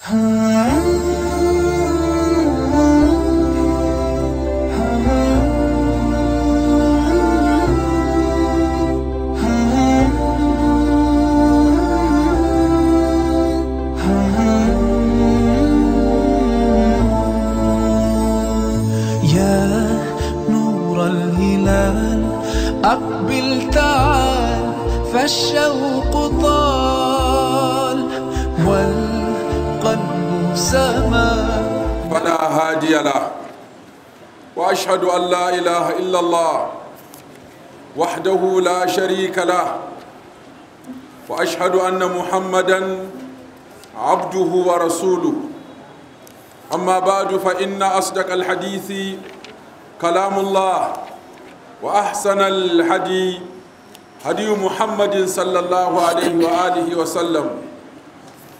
Huh. واشهد ان لا اله الا الله وحده لا شريك له واشهد ان محمدا عبده ورسوله اما بعد فان اصدق الحديث كلام الله واحسن الحديث هدي محمد صلى الله عليه واله وسلم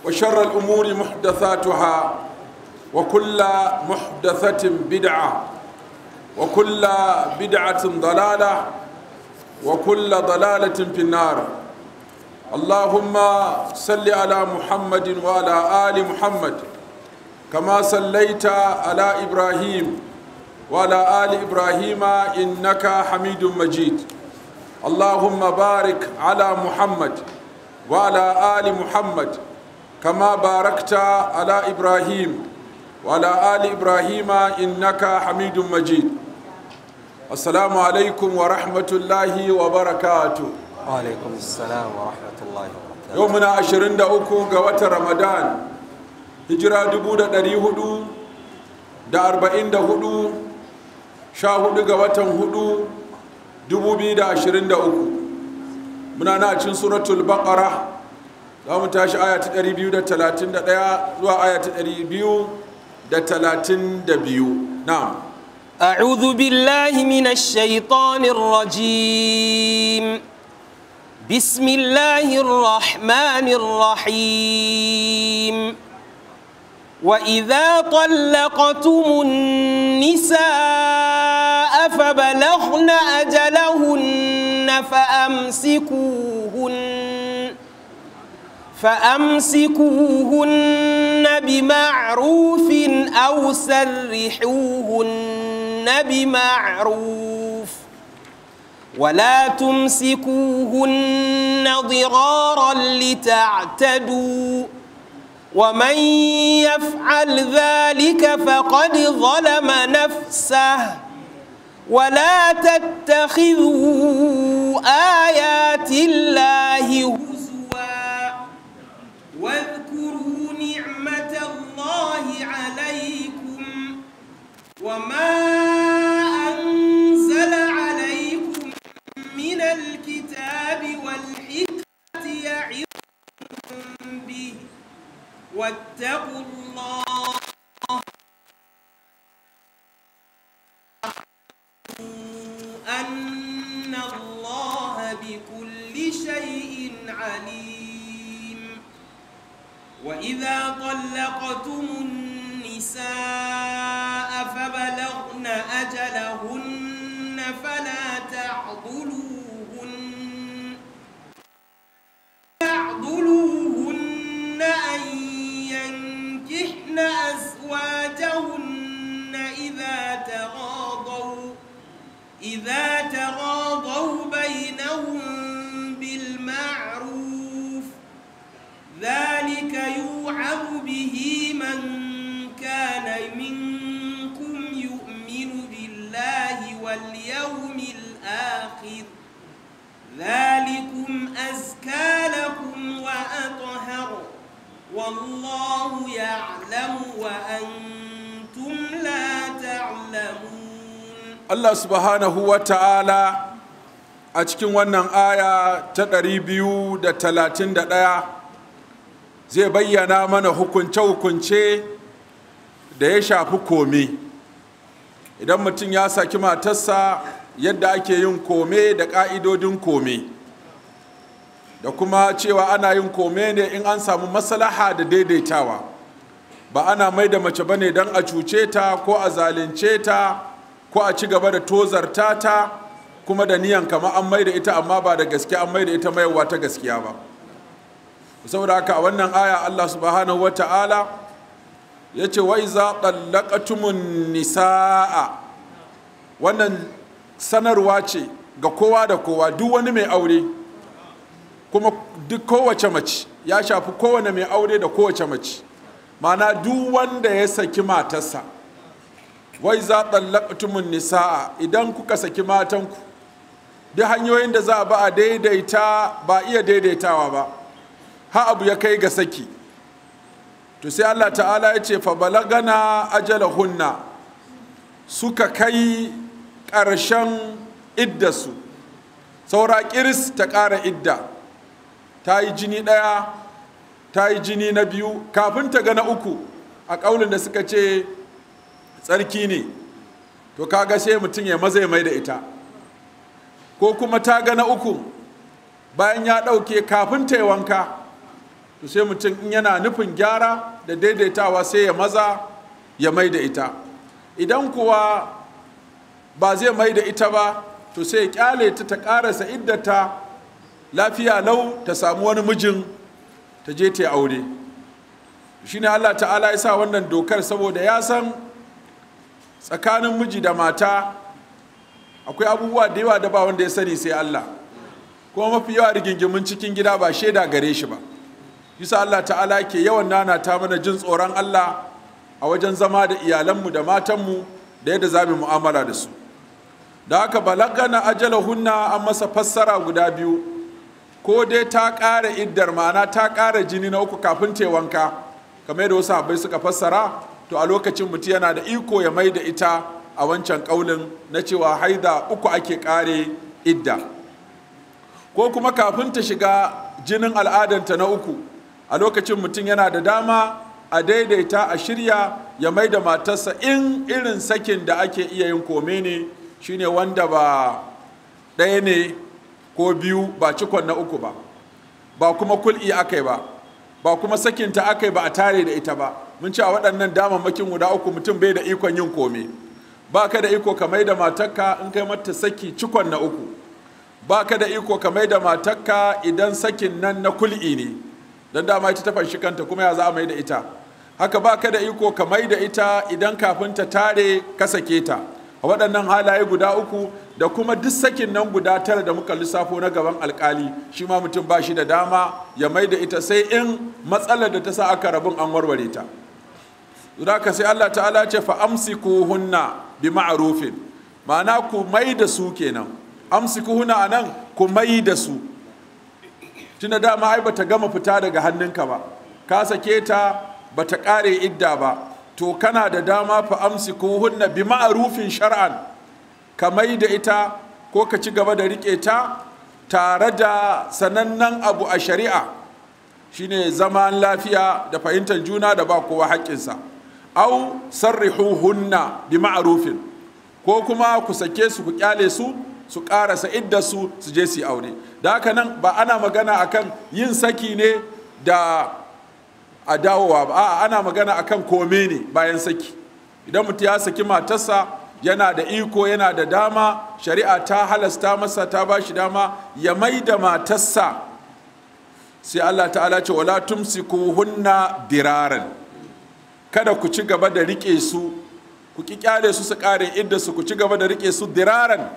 وشر الامور محدثاتها وكل محدثه بدعه وكل بدعة ضلالة وكل ضلالة في النار اللهم صل على محمد وعلى آل محمد كما صليت على إبراهيم وعلى آل إبراهيم إنك حميد مجيد اللهم بارك على محمد وعلى آل محمد كما باركت على إبراهيم وعلى آل إبراهيم إنك حميد مجيد assalamu alaikum wa rahmatullahi wa barakatu alaikum assalam wa rahmatullahi wa yau muna uku ga wata ramadan hijira sha hudu ga watan hudu, dubu biyu da ashirin da uku. muna na cin suratul baqara za mu tashi aya ta 231 zuwa aya ta biyu, na'am أعوذ بالله من الشيطان الرجيم بسم الله الرحمن الرحيم وإذا طلقتم النساء فبلغن أجلهن فأمسكوهن فأمسكوهن بمعروف أو سرحوهن بمعروف ولا تمسكوهن ضرارا لتعتدوا ومن يفعل ذلك فقد ظلم نفسه ولا تتخذوا آيات الله هزوا وما أنزل عليكم من الكتاب والحكمة يعظكم به واتقوا الله أن الله بكل شيء عليم وإذا طلقتم النساء أجله والله يعلم وأنتم لا تعلمون الله سبحانه وتعالى a cikin wannan aya ta ɗaya, zai bayyana mana hukunce-hukunce da ya shafi kome idan mutum ya saki matarsa yadda ake yin kome da ƙa'idodin kome da kuma cewa ana yin kome ne in an samu maslaha da daidaitawa ba ana mai da mace bane don a cuce ta ko a zalunce ta ko a ci gaba da tozarta ta kuma da niyan kama an mai da ita amma ba da gaske an mai da ita mayarwa ta gaskiya ba saboda haka a wannan aya Allah subhanahu wa ta'ala ya ce wai za ɗallakatumun nisa'a wannan sanarwa ce ga kowa da kowa duk wani mai aure kuma duk kowace mace ya shafi kowane mai aure da kowace mace mana duk wanda ya saki matarsa wai za tsallaktumin nisa'a idan kuka saki matanku duk hanyoyin da za a ba a daidaita ba iya daidaitawa ba ha abu ya kai ga saki to sai allah ta'ala ya ce fa balagana ajalahunna suka kai ƙarshen iddasu saura ƙiris ta ƙara idda ta yi jini ɗaya ta yi jini na biyu kafin ta ga na uku a ƙaunin da suka ce tsarki ne to kaga sai mutum ya maza mai da ita ko kuma ta ga na uku bayan ya ɗauke kafin ta yi wanka to sai mutum in yana nufin gyara da daidaitawa sai ya maza ya mai da ita idan kuwa ba zai mai da ita ba to sai ya kyale ta ta ƙarasa iddata lafiya lau ta samu wani mijin ta je ta aure shine Allah ta'ala ya sa wannan dokar saboda ya san tsakanin miji da mata akwai abubuwa da yawa da ba wanda ya sani sai Allah kuma mafi yawa rigingimin cikin gida ba shaida gare shi ba Yusa Allah ta'ala ke yawan nana ta mana jin tsoron Allah a wajen zama da iyalanmu da matanmu da yadda za mu mu'amala da su da haka balagana ajalahunna an masa fassara guda biyu ko dai ta ƙara iddar ma'ana ta ƙara jini na uku kafin ta wanka kamar yadda wasu abai suka fassara to a lokacin mutum yana da iko ya mai da ita a wancan ƙaunin na cewa haida uku ake ƙare idda ko kuma kafin ta shiga jinin al'adanta na uku a lokacin mutum yana da dama a daidaita a shirya ya mai da matarsa in irin sakin da ake iya yin kome ne shine wanda ba ɗaya ne ko biyu ba cikon na uku ba ba kuma kul'i akai yi ba ba kuma sakinta aka yi ba a tare da ita ba mun ce a waɗannan makin guda uku mutum bai da ikon yin komi ba ka da iko kamai da matakka in kai mata saki cikon na uku ba ka da iko kamai da matakka idan sakin nan na kul'i ne don dama ita ta fanshi kanta kuma ya za a mai da ita haka ba ka da iko kamar da ita idan kafin ta tare ka sake ta a waɗannan halaye guda uku da kuma duk sakin nan guda tara da muka lissafo na gaban alkali shi ma mutum ba shi da dama ya mai da ita sai in matsalar da ta sa aka rabin an warware ta ka sai Allah ta'ala ce fa hunna bi ma'arufin ma'ana ku mai da su kenan a anan ku mai da su Tuna dama ai bata gama fita daga hannunka ba ka sake ta bata kare idda ba to kana da dama fa amsi ko hunna bi ma'arufin shar'an ka mai da ita ko ka ci gaba da riƙe ta tare da sanannen abu a shari'a shine zaman lafiya da fahimtar juna da ba kowa haƙƙinsa au hunna bi ma'arufin ko kuma ku sake su ku kyale su su karasa idda su su je su aure da haka nan ba ana magana akan yin saki ne da a dawowa ba a'a ana magana akan kome ne bayan saki idan mutum ya saki matarsa yana da iko yana da dama shari'a ta halasta masa ta ba shi dama ya mai da matarsa sai Allah ta'ala ce wala hunna diraran kada ku ci gaba da rike su ku ki kyale su su kare idda su ku ci gaba da rike su diraran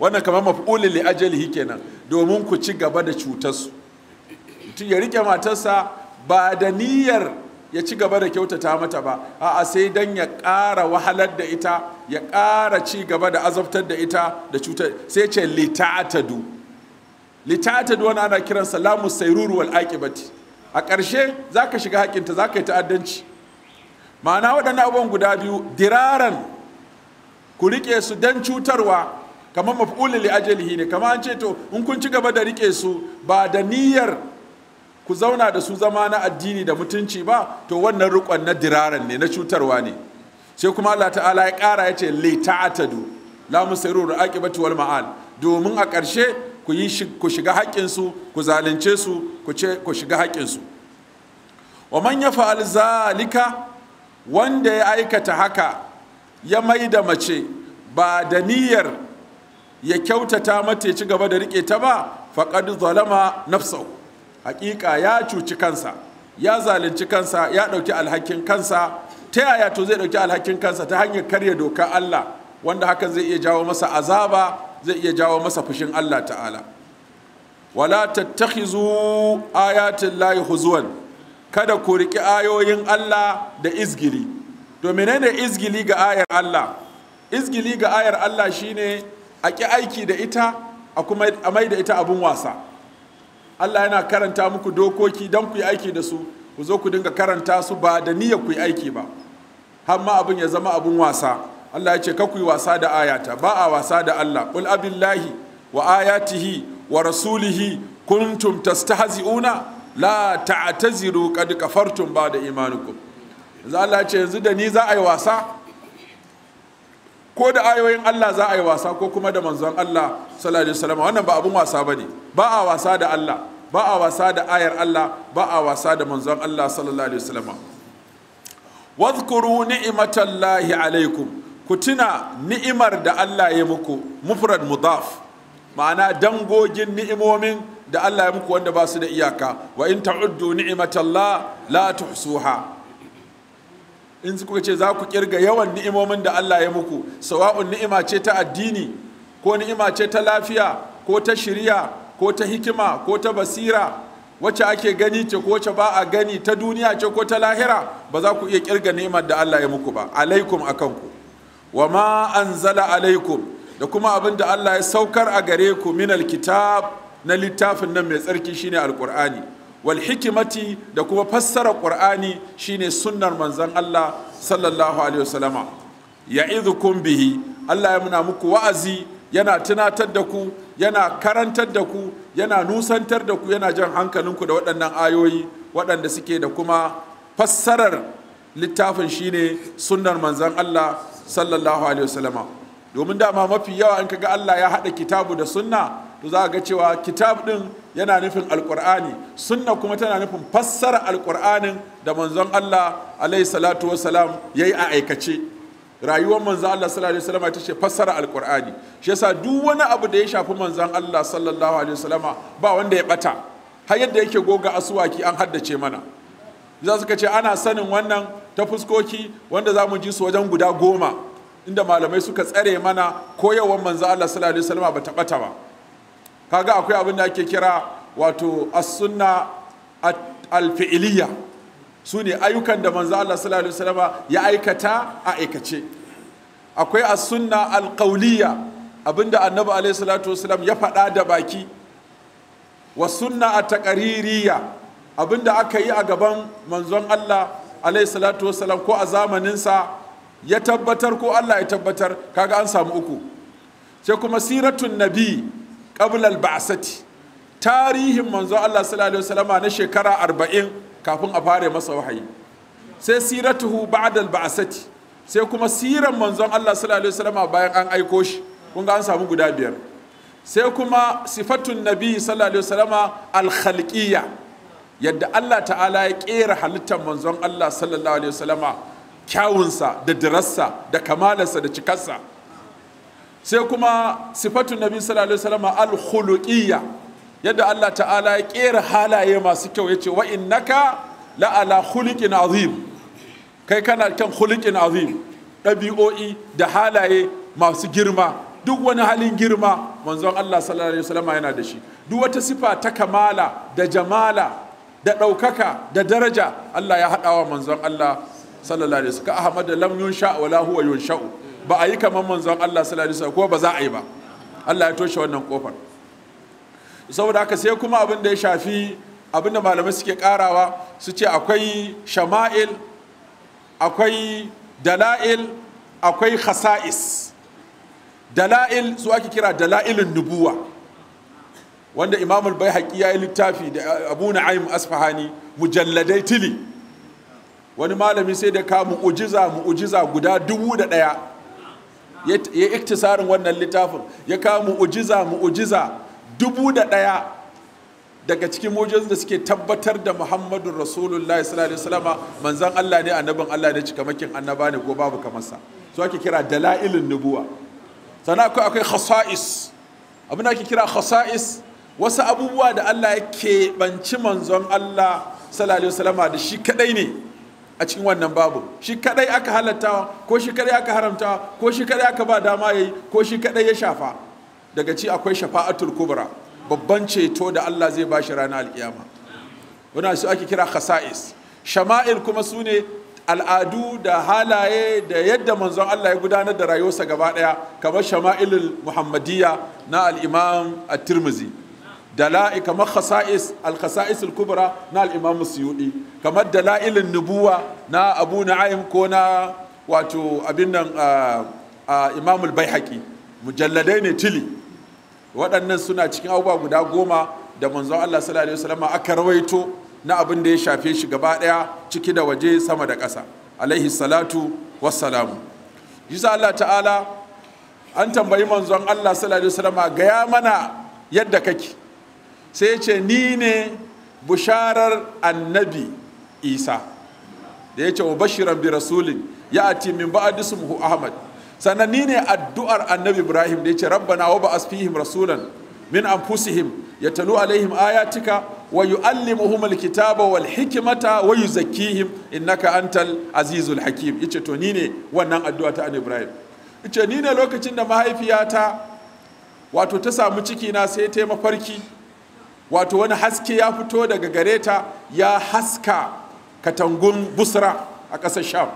wannan kamar maf'ulil li ajali kenan domin ku ci gaba da cutar su mutum ya rike matarsa ba da niyyar ya ci gaba da kyautata mata ba a'a sai dan ya ƙara wahalar da ita ya ƙara ci gaba da azabtar da ita da cutar sai ce lita'atadu lita'atadu wani ana kiran salamu sairuru wal aqibati a ƙarshe za ka shiga za ka yi ta'addanci ma'ana waɗannan abubuwan guda biyu diraran ku riƙe su dan cutarwa kamar maf'ulil li ajalihi ne kamar an ce to in kun ci gaba da riƙe su ba da niyyar ku zauna da su zama na addini da mutunci ba to wannan rukon na diraran ne na cutarwa ne sai kuma Allah ta'ala ya ƙara ya ce li ta'atadu la musirru aqibatu wal ma'al domin a ƙarshe ku yi ku shiga haƙƙin su ku zalunce su ku ce ku shiga haƙƙin su wa man yafa'al zalika wanda ya aikata haka ya mai da mace ba da niyyar ya kyautata mata ya ci gaba da rike ta ba faqad zalama nafsahu hakika ya cuci kansa ya zalunci kansa ya ɗauki alhakin kansa ta yaya to zai ɗauki alhakin kansa ta hanyar karya dokar Allah wanda hakan zai iya jawo masa azaba zai iya jawo masa fushin Allah ta'ala wala tattakhizu ayatin layi huzwan kada ku riki ayoyin Allah da izgili to menene izgili ga ayar Allah izgili ga ayar Allah shine a ƙi aiki da ita a kuma a mai da ita abun wasa Allah yana karanta muku dokoki don ku yi aiki da su ku zo ku dinga karanta su ba da niyyar ku yi aiki ba hamma abin ya zama abin wasa Allah ya ce ka ku yi wasa da ayata ba a wasa da Allah qul abillahi wa ayatihi wa rasulihi kuntum tastahzi'una la ta'taziru qad kafartum ba'da imanikum yanzu Allah ya ce yanzu da ni za a yi wasa ko da ayoyin Allah za a yi wasa ko kuma da manzon Allah sallallahu alaihi wasallam wannan ba abin wasa bane ba a wasa da Allah ba a wasa da ayar Allah ba a wasa da manzon Allah sallallahu alaihi wasallam wadhkuru ni'matallahi alaikum ku tuna ni'imar da Allah ya muku mufrad mudaf ma'ana dangogin ni'imomin da Allah ya muku wanda ba su da iyaka wa in ta'uddu ni'matallah la tuhsuha in kuka ce za ku kirga yawan ni'imomin da Allah ya muku sawa'un ni'ima ce ta addini ko ni'ima ce ta lafiya ko ta shiriya ko ta hikima ko ta basira wacce ake gani ce ko wacce ba a gani ta duniya ce ko ta lahira ba za ku iya kirga nemar da Allah ya muku ba alaikum a kanku wa ma anzala alaikum da kuma abin da Allah ya saukar a gare ku min alkitab na littafin nan mai tsarki shine alqur'ani wal hikimati da kuma fassara qur'ani shine sunnar manzon Allah sallallahu alaihi wasallama ya'idhukum bihi Allah ya muna muku wa'azi yana tunatar da ku yana karantar da ku yana nusantar da ku yana jan hankalinku da waɗannan ayoyi waɗanda suke da kuma fassarar littafin shine sunnar manzan Allah sallallahu alaihi wasallama domin dama mafi yawa in kaga Allah ya haɗa kitabu da sunna to za ga cewa kitab ɗin yana nufin alƙur'ani sunna kuma tana nufin fassara alƙur'anin da manzon Allah alaihi salatu wasalam ya yi a aikace rayuwar manzan Allah sallallahu alaihi wasallam ita ce fassara alqur'ani shi yasa duk wani abu da ya shafi manzan Allah sallallahu alaihi wasallama ba wanda ya bata har yadda yake goga asuwaki an haddace mana za suka ce ana sanin wannan ta fuskoki wanda za mu ji su wajen guda goma inda malamai suka tsare mana koyawar manzan Allah sallallahu alaihi wasallama ba ta bata ba kaga akwai abin da ake kira wato as-sunna al su ne ayyukan da manzo Allah sallallahu alaihi wasallam ya aikata a aikace akwai as-sunna al-qawliya abinda annabi alaihi salatu wasallam ya faɗa da baki wa sunna at-taqririya abinda aka yi a gaban manzon Allah alaihi salatu wasallam ko a zamanin sa ya tabbatar ko Allah ya tabbatar kaga an samu uku sai kuma siratun nabi qabla al-ba'sati tarihin manzon Allah sallallahu alaihi wasallama na shekara arba'in. kafin a fara masa wahayi sai siratuhu ba'dal ba'asati sai kuma siran manzon Allah sallallahu alaihi wasallam bayan an aiko shi kun ga an samu guda biyar sai kuma sifatun nabi sallallahu alaihi wasallam al-khalqiyya yadda Allah ta'ala ya kera halittar manzon Allah sallallahu alaihi wasallama kyawunsa da dirassa da kamalarsa da cikarsa sai kuma sifatun nabi sallallahu alaihi wasallama al-khuluqiyya yadda Allah ta'ala ya kera halaye masu kyau ya ce wa naka la'ala khuliqin azim kai kana kan khuliqin azim ɗabi'o'i da halaye masu girma duk wani halin girma manzon Allah sallallahu alaihi wasallam yana da shi duk wata sifa ta kamala da jamala da ɗaukaka da daraja Allah ya haɗa wa manzon Allah sallallahu alaihi wasallam ka Ahmad lam yunsha wa la huwa yunsha'u ba a yi kamar manzon Allah sallallahu alaihi wasallam ko ba za a yi ba Allah ya toshe wannan kofar saboda haka sai kuma abin da ya shafi abin da malamai suke karawa su ce akwai shama'il akwai dala'il akwai khasa'is dala'il su ake kira dala'ilin nubuwa wanda imamul bai haƙi ya yi littafi da abu na'im asfahani mujalladai tili wani malami sai da ka mu'ujiza mu'ujiza guda dubu da ɗaya ya iktisarin wannan littafin ya ka mu'ujiza mu'ujiza dubu da ɗaya daga cikin mujizun da suke tabbatar da Muhammadu rasulullah sallallahu alaihi manzan allah ne annabin allah ne cikamakin annaba ne ko babu kamarsa su ake kira dala'ilin nubuwa sannan akwai akwai khasa'is abin da ake kira khasa'is wasu abubuwa da allah ya keɓanci manzon allah sallallahu alaihi wasallama da shi kadai ne a cikin wannan babu shi kadai aka halattawa ko shi kadai aka haramtawa ko shi kadai aka ba dama yayi ko shi kadai ya shafa daga ci akwai shafa'atul kubra babban ceto da Allah zai bashi ranar alkiyama wani su ake kira khasa'is shama'il kuma su ne al'adu da halaye da yadda manzon Allah ya gudanar da rayuwarsa gaba daya kamar shama'ilul muhammadiyya na al at-tirmidhi dala'i kamar khasa'is al-khasa'is al-kubra na al-imam suyudi kamar dala'ilin nubuwa na abu na'im ko na wato abin nan ah, ah, imam al-baihaqi mujalladai ne tili waɗannan suna cikin abubuwa guda goma da manzon Allah sallallahu alaihi wasallam aka rawaito na abin da ya shafe shi gaba ɗaya ciki da waje sama da ƙasa alaihi salatu wassalam yasa Allah ta'ala an tambayi manzon Allah sallallahu alaihi wasallam ga ya mana yadda kake sai ya ce ni ne busharar annabi Isa da ya ce wa bashiran bi rasulin ati min ba'd ismuhu Ahmad sannan ni ne addu'ar annabi ibrahim da ya ce rabbana wa ba'as fihim rasulan min anfusihim yatalu alaihim ayatika wa yu'allimuhum alkitaba wal hikmata wa yuzakkihim innaka antal azizul hakim yace to ni ne wannan addu'a ta annabi ibrahim yace ni ne lokacin da mahaifiyata wato ta samu ciki na sai ta mafarki wato wani haske ya fito daga gare ta ya haska katangun busra a ƙasar sham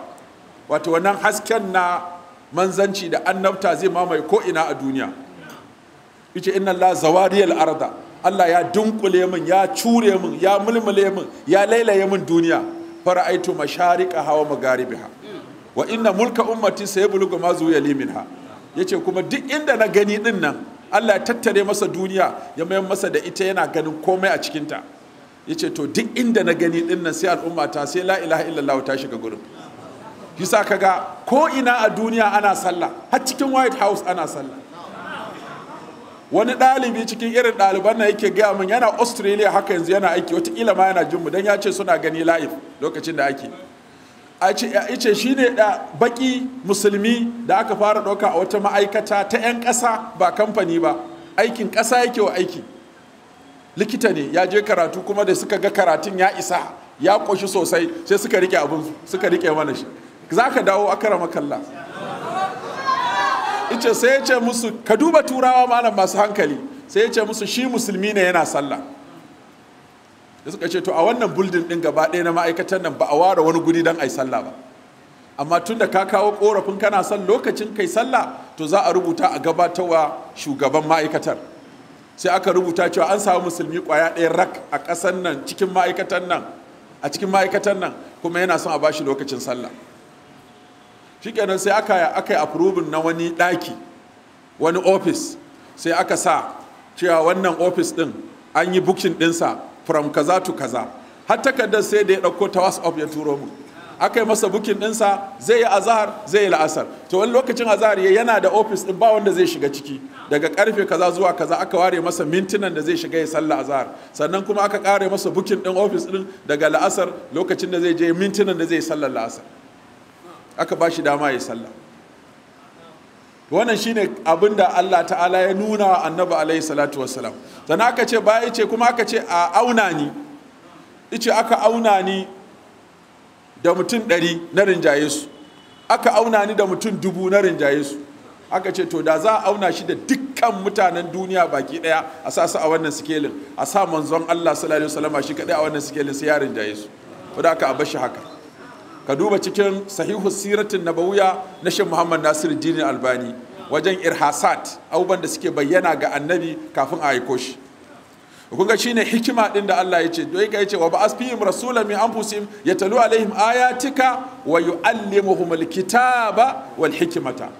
wato wannan hasken na manzanci da annabta zai mamaye ko ina a duniya yace inna Allah zawariyal arda Allah ya dunkule min ya cure min ya mulmule min ya lailaye min duniya fara'aitu mashariqa hawa magaribiha wa inna mulka ummati sayablugu ma zuwa liminha yace kuma duk inda na gani din nan Allah ya tattare masa duniya ya mayar masa da ita yana ganin komai a cikinta yace to duk inda na gani din nan sai al'umma ta sai la ilaha illallah ta shiga gurin yasa kaga ko ina a duniya ana sallah har cikin white house ana sallah wani ɗalibi cikin irin ɗaliban nan yake gaya min yana australia haka yanzu yana aiki ila ma yana jinmu don ya ce suna gani live lokacin da ake a ce shi ne da baki musulmi da aka fara ɗauka a wata ma'aikata ta 'yan ƙasa ba kamfani ba aikin ƙasa yake wa aiki likita ne ya je karatu kuma da suka ga karatun ya isa ya ƙoshi sosai sai suka rike abin suka rike mana shi za ka dawo akarama kalla ice sai ya ce musu ka duba turawa malam masu hankali sai ya ce musu shi musulmi ne yana sallah da suka ce to a wannan buldin din gaba ɗaya na ma'aikatan nan ba a ware wani guri don a yi sallah ba amma tun da ka kawo korafin kana son lokacin kai sallah to za a rubuta a gabatarwa shugaban ma'aikatar sai aka rubuta cewa an samu musulmi kwaya ɗaya rak a ƙasan nan cikin ma'aikatan nan a cikin ma'aikatan nan kuma yana son a bashi lokacin sallah shikenan sai aka aka yi approving na wani daki wani office sai aka sa cewa wannan office din an yi booking ɗinsa from kaza to kaza har takardar sai da ya ɗauko ta whatsapp ya turo mu aka yi masa bukin ɗinsa zai yi azahar zai yi la'asar to wani lokacin azahar ya yana da ofis ɗin ba wanda zai shiga ciki daga karfe kaza zuwa kaza aka ware masa mintunan da zai shiga ya salla azhar sannan kuma aka kare masa bukin ɗin ofis ɗin daga la'asar lokacin da zai je mintunan da zai sallar la'asar aka ba shi dama ya sallah wannan shine abin da Allah ta'ala ya nuna wa annabi alaihi salatu wassalam sannan aka ce baya ce kuma aka ce a auna ni ice aka auna ni da mutum ɗari na rinjaye su aka auna ni da mutum dubu na rinjaye su aka ce to da za a auna shi da dukkan mutanen duniya baki ɗaya a sa su a wannan sikelin a sa manzon Allah sallallahu alaihi wasallam shi kaɗai a wannan sikelin sai ya rinjaye su ko da aka abashi haka ka duba cikin sahihu siratin nabawiya na shi muhammad nasir dini albani wajen irhasat abubuwan da suke bayyana ga annabi kafin a aiko shi kun ga shine hikima din da Allah ya ce dai ga yace wa ba'as fihim rasulan min anfusihim yatalu alaihim ayatika wa yuallimuhumul kitaba wal hikmata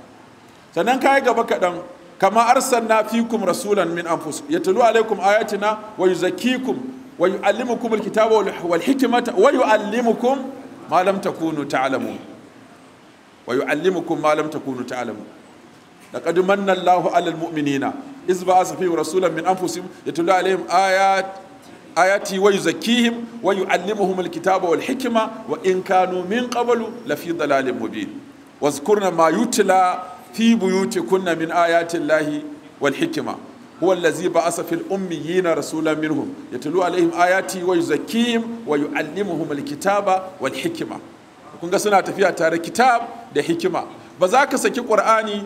sannan kai gaba kadan kama arsalna fikum rasulan min anfusikum yatalu alaikum ayatina wa yuzakkikum wa yuallimukumul kitaba wal hikmata wa yuallimukum ma lam takunu ta'lamun wa yu'allimukum ma lam takunu ta'lamun laqad manna Allahu 'alal mu'minina iz ba'atha fihim rasulan min anfusihim yatlu 'alayhim ayat ayati wa yuzakkihim wa yu'allimuhum alkitaba wal hikma wa in kanu min qablu lafi dalalin mubin ma yutla fi buyutikunna min ayati Allahi wal hikma huwa allazi ba'asa fil na rasulan minhum yatlu alaihim ayati wa yuzakkihim wa yuallimuhum alkitaba wal hikma kun ga suna tafiya tare kitab da hikima ba ka saki qur'ani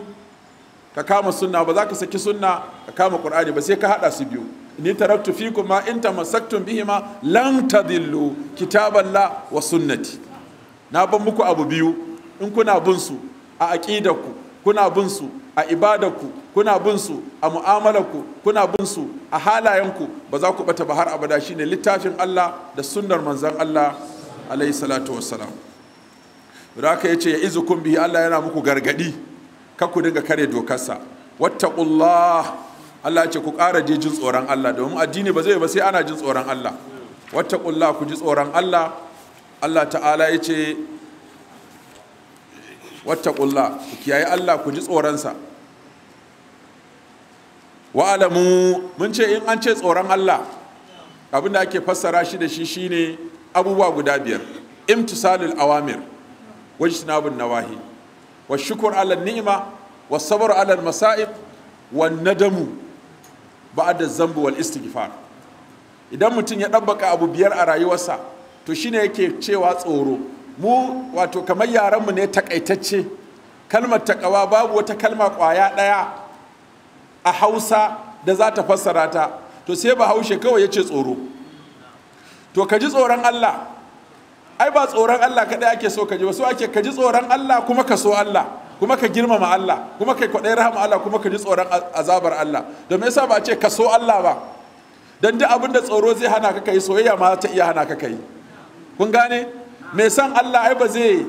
ka kama sunna ba ka saki sunna ka kama qur'ani ba sai ka hada su biyu ni taraktu fikum ma in tamassaktum bihima lan tadillu kitaballah wa sunnati na ban muku abu biyu in kuna bin su a aqidarku kuna bin su a ibadarku kuna bin su a mu'amalarku kuna bin su a halayenku ba za ku bata ba har abada shine littafin Allah da sunnar manzon Allah alaihi salatu wassalam raka yace ya izukum bihi Allah yana muku gargadi ka ku dinga kare dokarsa wattaqullah Allah ce ku ƙara je jin tsoron Allah domin addini ba zai ba sai ana jin tsoron Allah wattaqullah ku ji tsoron Allah Allah ta'ala yace ƙulla ku kiyaye Allah ku ji tsoronsa wa alamu mun ce in an ce tsoron Allah abinda ake fassara shi da shi shine abubuwa guda biyar imtisalul awamir wajtinabun nawahi wa shukur ala ni'ima wa sabr ala masa'ib wa nadamu ba'da zambu wal istighfar idan mutum ya ɗabbaka abu biyar a rayuwarsa to shine yake cewa tsoro mu wato kamar yaranmu ne takaitacce kalmar takawa babu wata kalma kwaya ɗaya a hausa da za ta fassara ta to sai bahaushe kawai ya ce tsoro to ka ji tsoron allah ai ba tsoron allah kaɗai ake so ka ji ba so ake ka ji tsoron allah kuma ka so allah kuma ka girmama allah kuma ka kwaɗayi rahama allah kuma ka ji tsoron azabar allah domin yasa ba ce ka so allah ba don duk abin da tsoro zai hana ka kai soyayya ma ta iya hana ka kai kun gane mai san Allah ai ba zai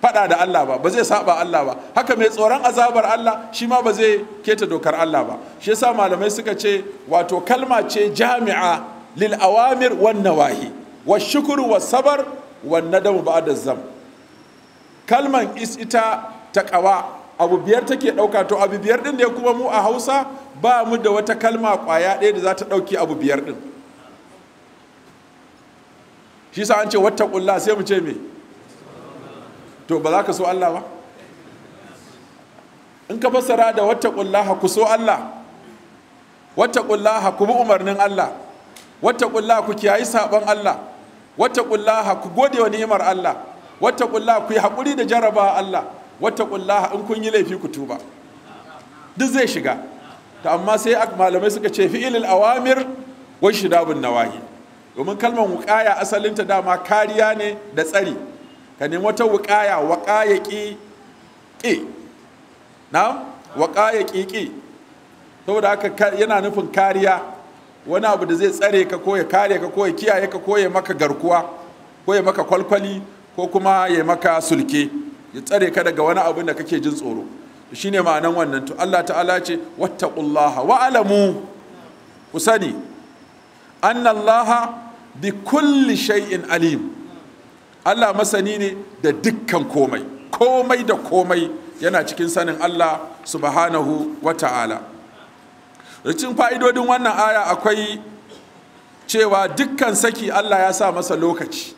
fada da Allah ba ba zai saba Allah ba haka mai tsoron azabar Allah shi ma ba zai keta dokar Allah ba shi yasa malamai suka ce wato kalma ce jami'a lil awamir wan nawahi Wa shukru wa sabar wan nadamu ba'da zam kalman is ita taqawa abu biyar take ɗauka to abu biyar ɗin ne kuma mu a hausa ba mu da wata kalma kwaya ɗaya da za ta ɗauki abu biyar ɗin shi sa an ce wata ƙulla sai mu ce me to ba za ka so Allah ba in ka fassara da wata ƙulla ku so Allah wata ƙulla ku bi umarnin Allah wata ƙulla ku kiyayi saɓon Allah wata ƙulla ku gode wa ni'imar Allah wata ƙulla ku yi haƙuri da jaraba Allah wata ƙulla in kun yi laifi ku tuba duk zai shiga ta amma sai malamai suka ce fi'ilil awamir wa shidabun nawahi domin kalmar wuƙaya asalinta dama kariya ne da tsari ka nemi wata wuƙaya waƙaya ƙi ƙi na waƙaya ƙi ƙi saboda haka yana nufin kariya wani abu da zai tsare ka ko ya kare ka ko kiyaye ka ko ya maka garkuwa ko maka kwalkwali ko kuma ya maka sulke ya tsare ka daga wani abin da kake jin tsoro shine ma'anan wannan to Allah ta'ala ce wattaqullaha wa alamu ku sani annallaha bi kulli shay'in alim Allah masani ne da dukkan komai komai da komai yana cikin sanin Allah subhanahu wa ta'ala fa'idodin wannan aya akwai cewa dukkan saki Allah ya sa masa lokaci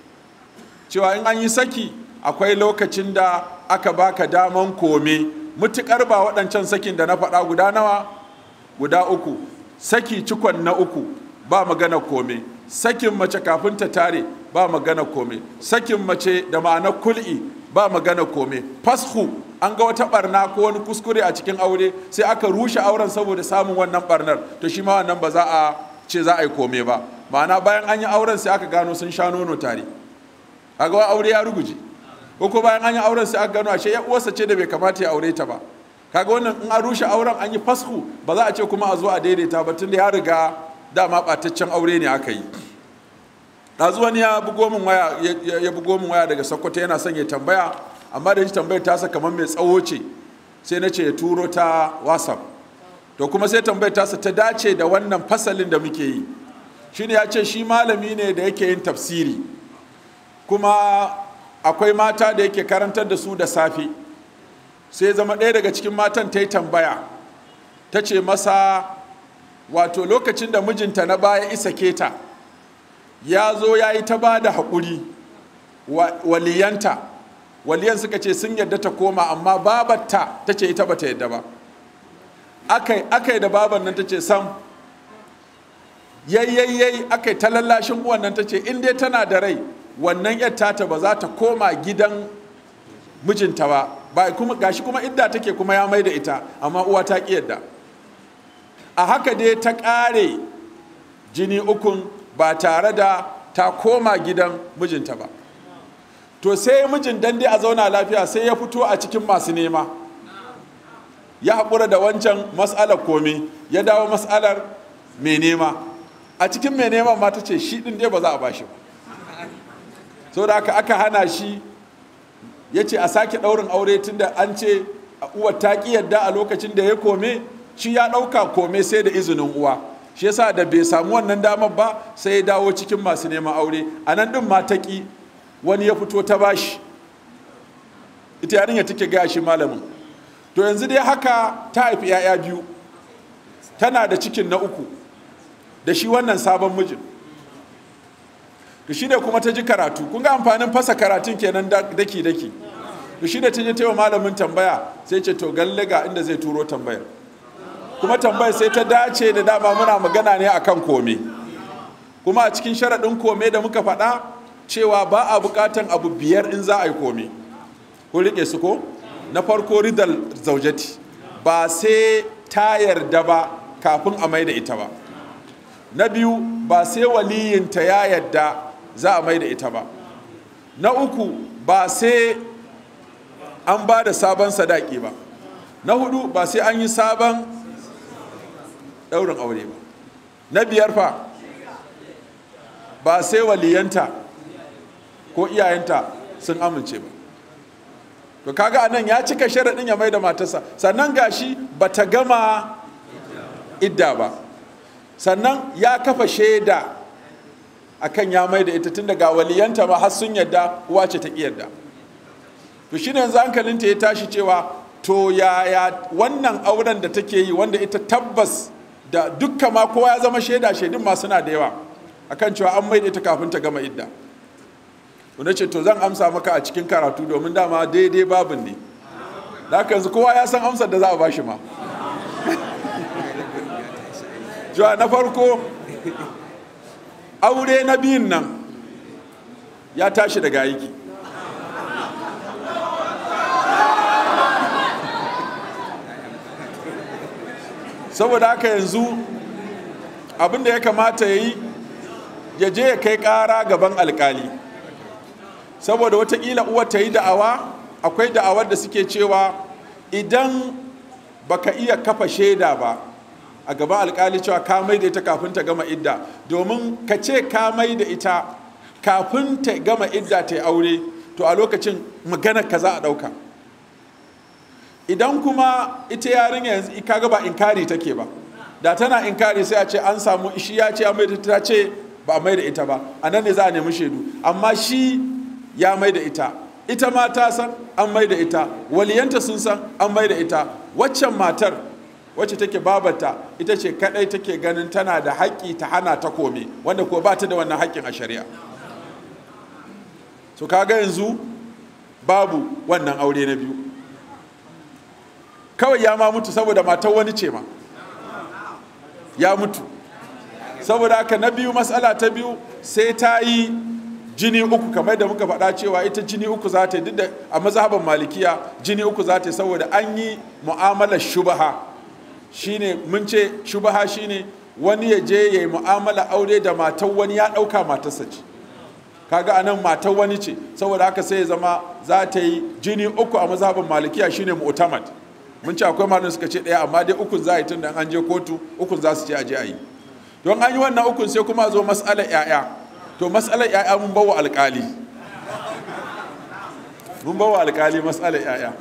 cewa in an yi saki akwai lokacin da aka baka daman kome mutukar ba waɗancan sakin da na faɗa guda nawa guda uku saki cikon na uku ba magana komai sakin mace kafin ta tare ba magana komai sakin mace da ma'ana kul'i ba magana komai fashu an ga wata barna ko wani kuskure a cikin aure sai aka rushe auren saboda samun wannan barnar to shi ma wannan ba za a ce za a yi komai ba ma'ana bayan an yi auren sai aka gano sun sha nono tare kaga wa aure ya ruguje ko ko bayan an yi auren sai aka gano ashe ya uwarsa ce da bai kamata ya aure ta ba kaga wannan in an rushe auren an yi fashu ba za a ce kuma a zo a daidaita ba tunda ya riga dama bataccen aure ne aka yi ɗazu wani ya bugo min waya ya bugo min waya daga sokoto yana son ya tambaya amma da shi tambayar sa kamar mai tsawo ce sai na ce ya turo ta whatsapp to kuma sai tambayar sa ta dace da wannan fasalin da muke yi shine ya ce shi malami ne da yake yin tafsiri kuma akwai mata da yake karantar da su da safe sai zama ɗaya daga cikin matan ta yi tambaya ta ce masa wato lokacin da mijinta na baya isa keta ya zo ya yi ta ba da haƙuri waliyanta waliyan suka ce sun yadda ta koma amma babatta ta ce ita ba ta yadda ba akai akai da baban nan ta ce sam yayyayyai akai ta lallashin uwan nan ta ce in dai tana da rai wannan yadda ta ba za ta koma gidan mijinta ba ba kuma gashi kuma idda take kuma ya mai da ita amma uwa ta ki yadda a haka dai ta ƙare jini ukun ba tare da ta koma gidan mijinta ba to sai mijin dan dai a zauna lafiya sai ya fito a cikin masu nema ya haƙura da wancan matsalar komi ya dawo matsalar mai nema a cikin mai nema ma ta ce shi ɗin dai ba za a ba shi ba so da aka aka hana shi ya ce a sake ɗaurin aure tun da an ce uwar ta ƙi yadda a lokacin da ya kome shi ya ɗauka komai sai da izinin uwa shi yasa da bai samu wannan damar ba sai ya dawo cikin masu neman aure a nan ɗin mataki wani ya fito ta bashi ita yarinya take gaya shi malamin to yanzu dai haka ta haifi 'ya'ya biyu tana da cikin na uku da shi wannan sabon mijin shi ne kuma ta ji karatu kun ga amfanin fasa karatun kenan daki-daki shi da ta yi wa malamin tambaya sai ce to galle ga inda zai turo tambayar kuma tambayar sai ta dace da dama muna magana ne a kan kome kuma a cikin sharaɗin kome da muka faɗa cewa ba a buƙatan abu biyar in za a yi kome ko riƙe su ko na farko ridal zaujati ba sai ta yarda ba kafin a mai da ita ba na biyu ba sai waliyinta ya yarda za a mai da ita ba na uku ba sai an ba da sabon sadaki ba na hudu ba sai an yi sabon ɗaurin aure ba na biyar fa ba sai waliyanta ko iyayenta sun amince ba to kaga anan ya cika sharaɗin ya mai da matarsa sannan gashi ba ta gama idda ba sannan ya kafa shaida akan ya mai da ita tun daga waliyanta ma har sun yadda uwa ce ta yarda to shine yanzu hankalinta ya tashi cewa to yaya wannan auren da take yi wanda ita tabbas da dukka ma kowa ya zama shaida shaidun ma suna da yawa akan cewa an maida ta kafin ta gama idda wanda ce to zan amsa maka a cikin karatu domin dama daidai babin ne da haka yanzu kowa ya san amsar da za a bashi ma jiwa na farko aure na biyun nan ya tashi daga aiki saboda haka yanzu abin da ya kamata ya yi ya je ya kai ƙara gaban alkali saboda watakila uwa ta yi da'awa akwai da'awar da suke cewa idan baka iya kafa shaida ba a gaban alkali cewa ka mai da ita kafin ta gama idda domin ka ce ka mai da ita kafin ta gama idda ta yi aure to a lokacin magana ka za a ɗauka idan kuma ita yarinyar yanzu kaga ba inkari take ba da tana inkari sai a ce an samu shi ya ce mai da ta ce ba mai da ita ba a nan ne za a nemi shaidu amma shi ya mai da ita ita ma ta san an mai da ita waliyanta sun san an mai da ita waccan matar wacce take babata ita ce kadai take ganin tana da haƙƙi ta hana ta kome wanda ko ba ta da wannan haƙƙin a shari'a so kaga yanzu babu wannan aure na biyu kawai ya ma mutu saboda matar wani ce ma ya mutu saboda haka na biyu matsala ta biyu sai ta yi jini uku kamar da muka faɗa cewa ita jini uku za ta yi duk da a mazhaban malikiya jini uku za ta yi saboda an yi mu'amalar shubaha shine mun ce shubaha shine wani ya je ya yi mu'amala aure da matar wani ya ɗauka matarsa ce kaga anan matar wani ce saboda haka sai ya zama za ta yi jini uku a mazhaban malikiya shine mu'tamad mun ci akwai malamin suka ce ɗaya amma dai ukun za a yi tun da an je kotu ukun za su ce a je a yi don an yi wannan ukun sai kuma zo mas'alar 'ya'ya to mas'alar 'ya'ya mun bawa alƙali mun bawa alƙali mas'alar 'ya'ya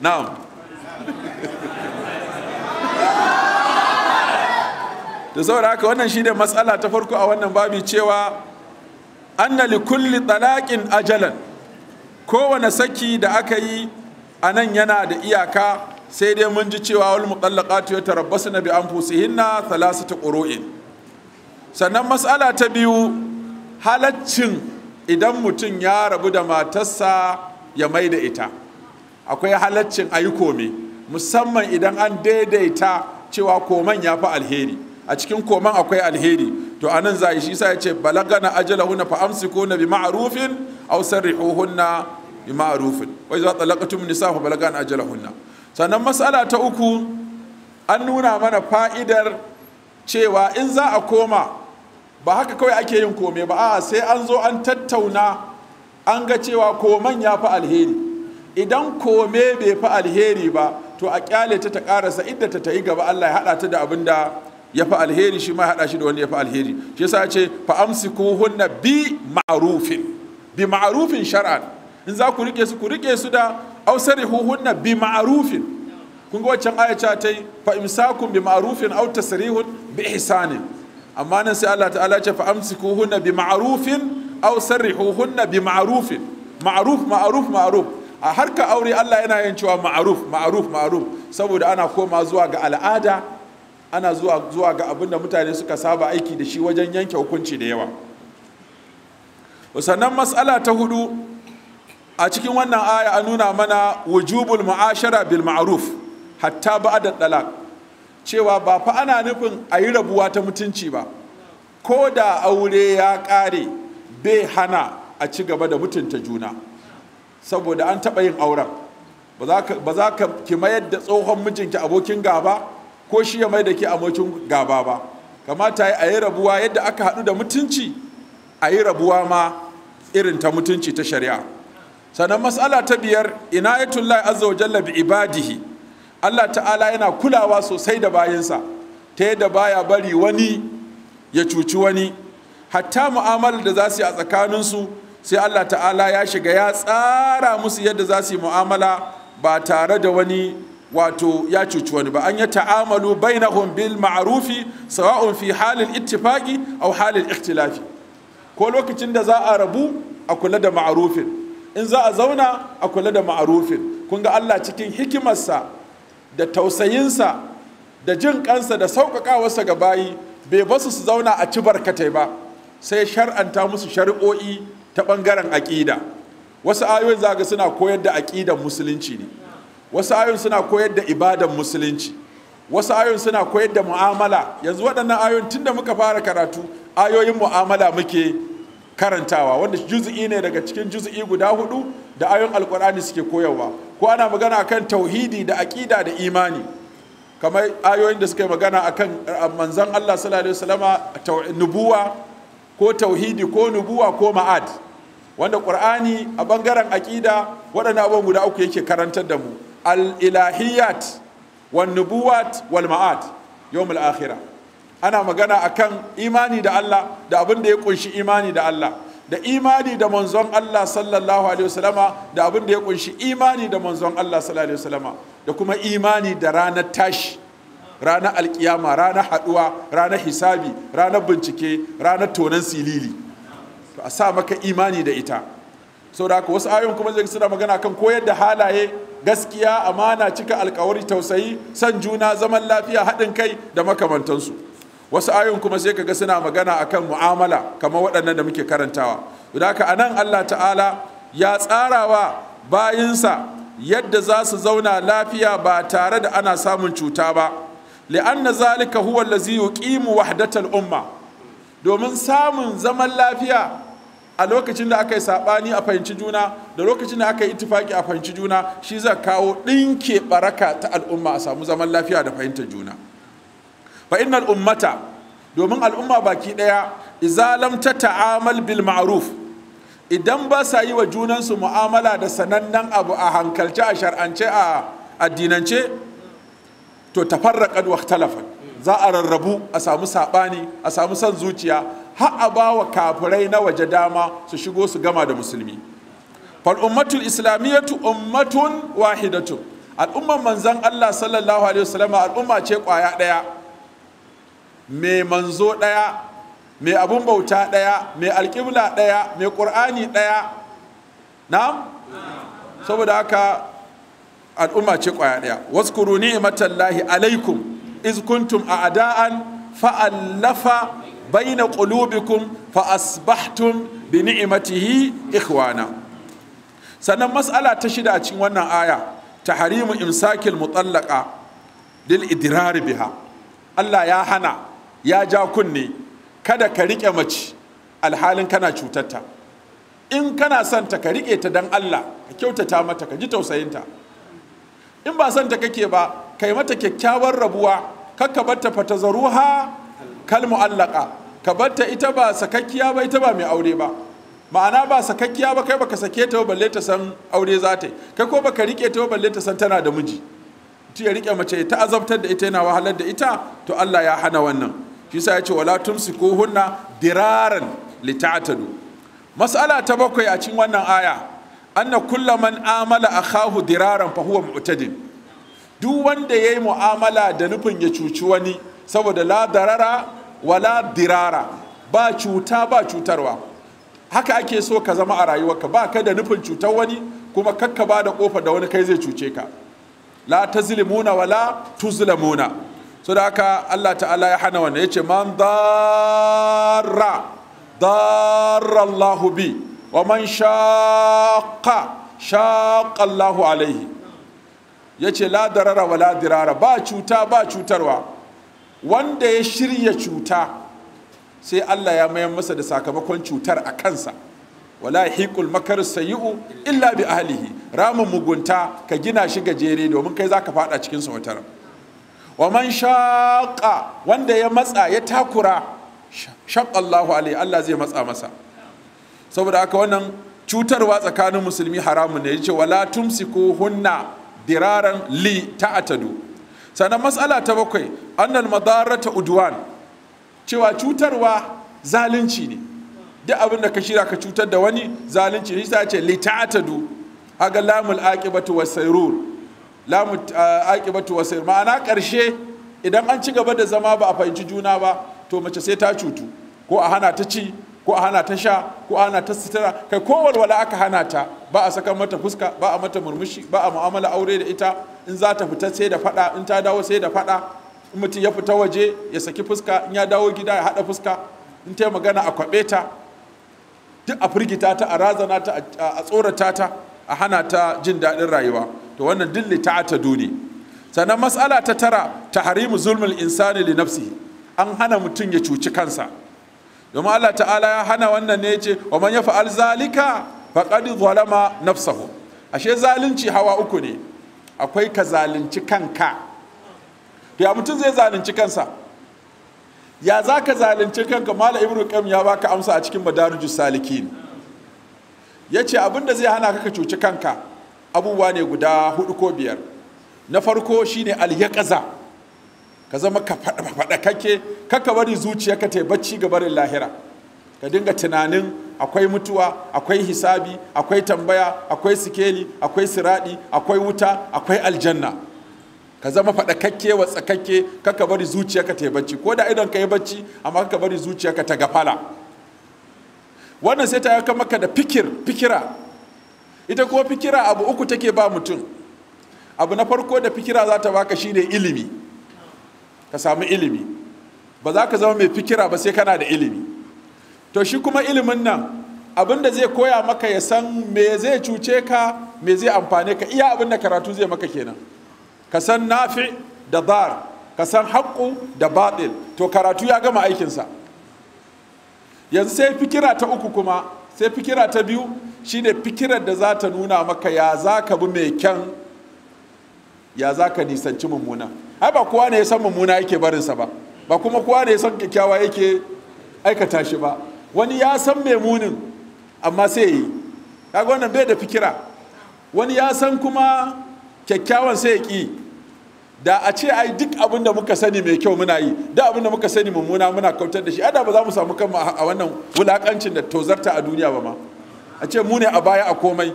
na'am da saboda haka wannan shine matsala ta farko a wannan babi cewa anna li kulli talaqin ajalan kowane saki da aka yi anan yana da iyaka sai dai mun ji cewa wal muqallaqatu yatarabbasna bi anfusihinna thalathatu qura'in sannan mas'ala ta biyu halaccin idan mutum ya rabu da matarsa ya mai da ita akwai halaccin ayi kome musamman idan an daidaita cewa koman ya fi alheri a cikin koman akwai alheri to anan za shi sa ya ce balagana ajalahuna fa amsikuna bi ma'rufin aw sarrihuhunna bi ma'rufin wa idza talaqtum nisa fa balagana ajalahunna sannan mas'ala ta uku an nuna mana fa'idar cewa in za a koma ba haka kawai ake yin kome ba a'a sai an zo an tattauna an ga cewa koman ya fi alheri idan kome bai fi alheri ba to a kyale ta ta karasa idda ta ta yi gaba Allah ya haɗa ta da abin ya fi alheri shi ma haɗa shi da wanda ya fi alheri shi yasa ce fa amsikuhunna bi ma'rufin bi ma'rufin shar'an in za ku rike su ku rike su da ausari huhunna bi ma'arufin kun ga waccan ayaca ta yi fa imsakun bi ma'arufin au tasrihun bi ihsanin amma nan sai Allah ta'ala ce fa amsikuhunna bi ma'arufin au na bi ma'arufin ma'aruf ma'aruf ma'aruf a harka aure Allah yana yin cewa ma'aruf ma'aruf ma'aruf saboda ana koma zuwa ga al'ada ana zuwa zuwa ga da mutane suka saba aiki da shi wajen yanke hukunci da yawa sannan matsala ta hudu a cikin wannan aya an nuna mana wujubul ma'ashara bil ma'ruf hatta ba'da dalaq cewa ba fa ana nufin a yi rabuwa ta mutunci ba ko da aure ya kare bai hana a ci gaba da mutunta juna saboda an taɓa yin auren ba za ka ki mayar da tsohon mijinki abokin gaba ko shi ya mai da ki abokin gaba ba kamata a yi rabuwa yadda aka haɗu da mutunci a yi rabuwa ma irin ta mutunci ta shari'a sannan matsala ta biyar inayatullahi azza wa jalla bi ibadihi Allah ta'ala yana kulawa sosai da bayansa ta yadda baya bari wani ya cuci wani hatta mu'amalar da za su yi a tsakaninsu sai Allah ta'ala ya shiga ya tsara musu yadda za su yi mu'amala ba tare da wani wato ya cuci wani ba an ya ta'amalu bainahum bil ma'rufi sawa'un fi halin ittifaqi aw halin ikhtilafi ko lokacin da za a rabu a kula da ma'rufin in za a zauna a kula da ma'arufin kun ga Allah cikin hikimarsa da tausayinsa da jin kansa da sauƙaƙawarsa ga bayi bai ba su zauna a ci barkatai ba sai shar'anta musu shari'o'i ta ɓangaren aƙida wasu ayoyin za ga suna koyar da aƙidan musulunci ne wasu ayoyin suna koyar da ibadan musulunci wasu ayoyin suna koyar da mu'amala yanzu waɗannan ayoyin tunda muka fara karatu ayoyin mu'amala muke karantawa wanda juzu'i ne daga cikin juzu'i guda hudu da ayon alkur'ani suke koyarwa ko ana magana akan tauhidi da aƙida da imani kamar ayoyin da suka yi magana akan eh, manzan Allah sallallahu alaihi wasallama nubuwa ko tauhidi ko nubuwa ko ma'ad wanda qur'ani a bangaren aƙida waɗannan abubuwan guda uku yake karantar da mu al-ilahiyat wan nubuwat wal ma'ad yawmul akhirah ana magana akan imani da Allah da abin da ya kunshi imani da Allah da imani da manzon Allah sallallahu alaihi wasallama da abin da ya kunshi imani da manzon Allah sallallahu alaihi wasallama da kuma imani da ranar tashi ranar alkiyama ranar haduwa ranar hisabi ranar bincike ranar tonan silili to a sa maka imani da ita saboda haka wasu ayoyin kuma zai suna magana kan koyar da halaye gaskiya amana cika alkawari tausayi san juna zaman lafiya haɗin kai da makamantansu wasu ayon kuma sai ga suna magana akan mu'amala kamar waɗannan da muke karantawa don a anan Allah ta'ala ya tsarawa bayinsa yadda za su zauna lafiya ba tare da ana samun cuta ba li'anna zalika huwa allazi yuqimu wahdatal umma domin samun zaman lafiya a lokacin da aka yi sabani a fahimci juna da lokacin da aka yi ittifaki a fahimci juna shi zai kawo ɗinke baraka ta al'umma a samu zaman lafiya da fahimtar juna fa innal ummata domin al'umma baki daya idza lam tata'amal bil ma'ruf idan ba sa yi wa junansu mu'amala da sanannen abu a hankalce a shar'ance a addinance to tafarraqat wa ikhtalafat za a rarrabu a samu sabani a samu san zuciya har a ba wa kafirai na waje dama su shigo su gama da musulmi fal ummatul islamiyatu ummatun wahidatun al'umman manzon Allah sallallahu alaihi wasallam al'umma ce kwaya daya mai manzo ɗaya mai abun bauta ɗaya mai alƙibla ɗaya mai ƙur'ani ɗaya na saboda haka al'umma ce ƙwaya ɗaya wasu kuru ni'imatallahi alaikum iz kuntum a ada'an fa'allafa baina qulubikum fa asbahtum bi ni'matihi ikhwana sannan mas'ala ta shida a cikin wannan aya ta harimu imsakil mutallaqa lil idrar biha Allah ya hana ya ja kunne kada ka riƙe mace alhalin kana cutarta in kana son ta ka riƙe ta don Allah ka kyautata mata ka ji tausayinta in ba son ta kake ba ka yi mata kyakkyawar rabuwa kakka batta zaruha kal allaka, ka batta ita ba sakakkiya ba ita ba mai aure ba ma'ana ba sakakkiya ba kai baka sake ta balle ta san aure za ta yi kai ko baka rike ta balle ta san tana da miji mutum ya rike mace ta azabtar da ita yana wahalar da ita to Allah ya hana wannan kisa ya ce wala ko hunna diraran lita'tadu mas'ala ta bakwai a cikin wannan aya anna kulla man amala akhahu diraran fa huwa mu'tadin duk wanda yayi mu'amala da nufin ya cuci wani saboda la darara wala dirara ba cuta ba cutarwa haka ake so ka zama a rayuwarka ba ka da nufin cutar wani kuma kakka ba da kofa da wani kai zai cuce ka la tazlimuna wala tuzlamuna so da haka Allah ta'ala ya hana wannan yace man darra darra Allahu bi wa man shaqqa shaqqa Allahu alaihi yace la darara wa dirara ba cuta ba cutarwa wanda ya shirya cuta sai Allah ya mayar masa da sakamakon cutar a kansa wala hiqul makar sayi'u illa bi ahlihi ramin mugunta ka gina shi gajere domin kai zaka fada cikin sa wataran wa man shaƙa wanda ya matsa ya takura Allahu alai Allah zai matsa masa saboda haka wannan cutarwa tsakanin musulmi haramun ne yace wala tumsiku hunna diraran li ta'tadu sannan matsala ta bakwai annal madarata udwan cewa cutarwa zalunci ne duk abin da ka shira ka cutar da wani zalunci ne sai ce li ta'tadu haga lamul aqibatu wasairur lamu aqibatu wasir ma'ana karshe idan an ci gaba da zama ba a fahimci juna ba to mace sai ta cutu ko a hana ta ci ko a hana ta sha ko a hana ta sitara kai ko walwala aka hana ta ba a saka mata fuska ba a mata murmushi ba a mu'amala aure da ita in za ta fita sai da fada in ta dawo sai da fada in mutum ya fita waje ya saki fuska in ya dawo gida ya hada fuska in ta magana a kwabe ta duk a firgita ta a razana ta a tsorata ta a hana ta jin daɗin rayuwa to wannan dilli ta'atadu ne sannan mas'ala ta tara ta Harimu zulmul insani li nafsi an hana mutum ya cuci kansa domin Allah ta'ala ya hana wannan ne ce wa man yafa'al zalika faqad zalama nafsahu ashe zalunci hawa uku ne akwai ka zalunci kanka to ya mutum zai zalunci kansa ya za ka zalunci kanka mala ibnu qayyim ya baka amsa a cikin madarijus salikin yace abinda zai hana ka ka cuci kanka abubuwa ne guda hudu ko biyar na farko shine alyakaza ka zama ka faɗa kake kaka bari ka ta bacci ga barin lahira ka dinga tunanin akwai mutuwa akwai hisabi akwai tambaya akwai sikeli akwai siradi akwai wuta akwai aljanna ka zama faɗakakke wa tsakakke kaka bari ka ta bacci ko da idan ka yi bacci amma kaka bari zuciya ka ta gafala wannan sai ta yaka maka da fikir fikira ita kuma fikira abu uku take ba mutum abu na farko da fikira za ta baka shine ilimi ka samu ilimi ba za ka zama mai fikira ba sai kana da ilimi to shi kuma ilimin nan abin da zai koya maka ya san me zai cuce ka me zai amfane ka iya abin da karatu zai maka kenan ka san nafi da dar ka san haƙƙu da baɗil to karatu ya gama aikinsa yanzu sai fikira ta uku kuma sai fikira ta biyu shine fikirar da za ta nuna maka ya za ka bi mai kyan ya za ka nisanci mummuna ai ba kowa ne ya san mummuna yake barinsa ba ba kuma kowa ne ya san kyakkyawa yake aikata shi ba wani ya san mai munin amma sai yi kaga wannan bai da fikira wani ya san kuma kyakkyawan sai ya ƙi da a ce ai duk abin da muka sani mai kyau muna yi da abin da muka sani mummuna muna kautar da shi ada ba za mu samu kanmu a wannan wulakancin da tozarta a duniya ba ma a ce mu ne a baya a komai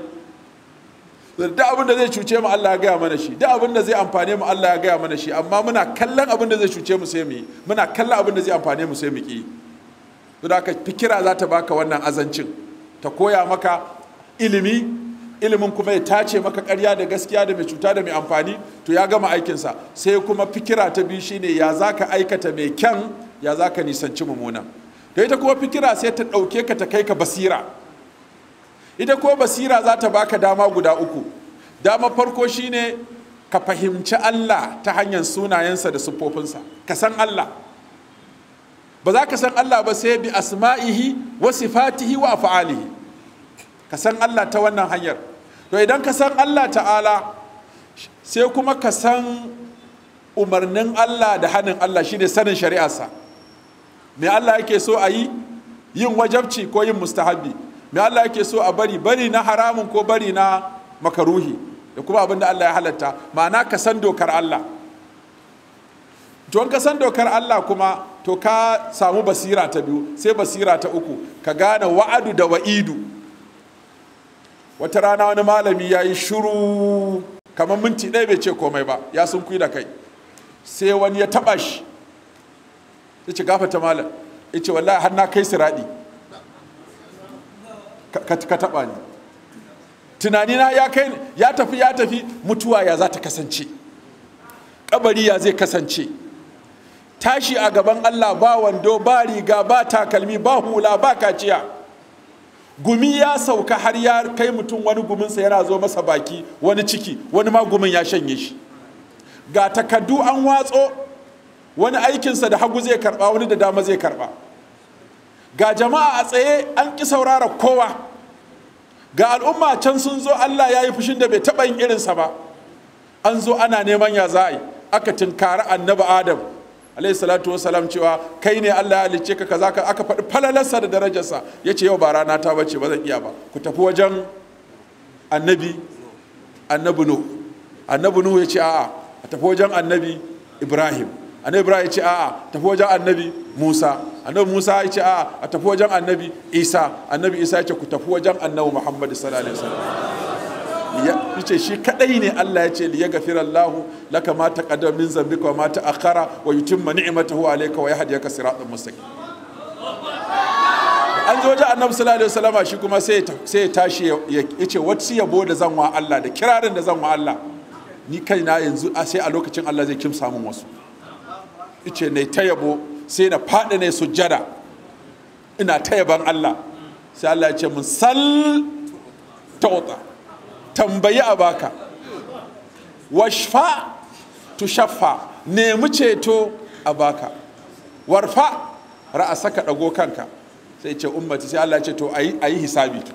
da abin da zai cuce mu Allah ya gaya mana shi da abin da zai amfane mu Allah ya gaya mana shi amma muna kallon abin da zai cuce mu sai mu yi muna kallon abin da zai amfane mu sai mu ki to da fikira za ta baka wannan azancin ta koya maka ilimi ilimin kuma ya tace maka karya da gaskiya da mai cuta da mai amfani to ya gama aikinsa sai kuma fikira ta biyu shine ya za ka aikata mai kyan ya za ka nisanci mummuna da ita kuma fikira sai ta ɗauke ka ta kai ka basira ita kuma basira za ta baka dama guda uku dama farko shine ka fahimci Allah ta hanyar sunayensa da siffofinsa ka san Allah ba za ka san Allah ba sai bi asma'ihi wa sifatihi wa af'alihi ka san Allah ta wannan hanyar to idan ka san Allah ta'ala sai kuma ka san umarnin Allah da hannun Allah shine sanin shari'arsa me Allah yake so a yi yin wajabci ko yin mustahabi me Allah yake so a bari bari na haramun ko bari na makaruhi da kuma abin da Allah ya halatta ma'ana ka san dokar Allah to ka san dokar Allah kuma to ka samu basira ta biyu sai basira ta uku ka gane wa'adu da wa'idu wata rana wani malami ya yi shiru kamar minti ɗaya bai ce komai ba ya sun kuyi da kai sai wani ya taɓa shi ya ce gafata malam ya ce wallahi har na kai siraɗi ka taɓa ni na ya kai ya tafi ya tafi mutuwa ya za ta kasance kabari ya zai kasance tashi a gaban allah ba wando ba riga ba takalmi ba hula ba kaciya gumi ya sauka har ya kai mutum wani guminsa yana zo masa baki wani ciki wani ma gumin ya shanye shi ga takaddu an watso wani aikinsa da hagu zai karba wani da dama zai karba ga jama'a a tsaye an ki saurara kowa ga al'umma can sun zo allah ya yi fushin da bai taɓa yin irinsa ba an zo ana neman ya za'a aka tunkari annabi adam alaihi salatu wasalam cewa kai ne Allah ya halicce ka kaza ka aka faɗi falalarsa da darajarsa yace yau ba rana ta bace ba zan iya ba ku tafi wajen annabi annabi nu annabi nu yace a'a a tafi wajen annabi Ibrahim annabi Ibrahim yace a'a tafi wajen annabi Musa annabi Musa yace a'a a tafi wajen annabi Isa annabi Isa yace ku tafi wajen annabi Muhammad sallallahu alaihi wasallam yace shi kadai ne Allah ya ce liya gafira Allah laka ma taqaddama min zambika wa ma ta'akhkhara wa yutimma ni'matahu alayka wa yahdiyaka siratan mustaqim an zo ji annabi sallallahu alaihi wasallama shi kuma sai ya tashi yace ce wata yabo da zan wa Allah da kirarin da zan wa Allah ni kaina yanzu sai a lokacin Allah zai kimsa min wasu ice ne ta yabo sai na faɗi ne sujjada ina ta Allah sai Allah ya ce mun sal tauta tambayi a baka washfa tu nemi ceto a baka warfa ra'asa ka ɗago kanka sai ce ummati sai Allah ce to a yi hisabi tu.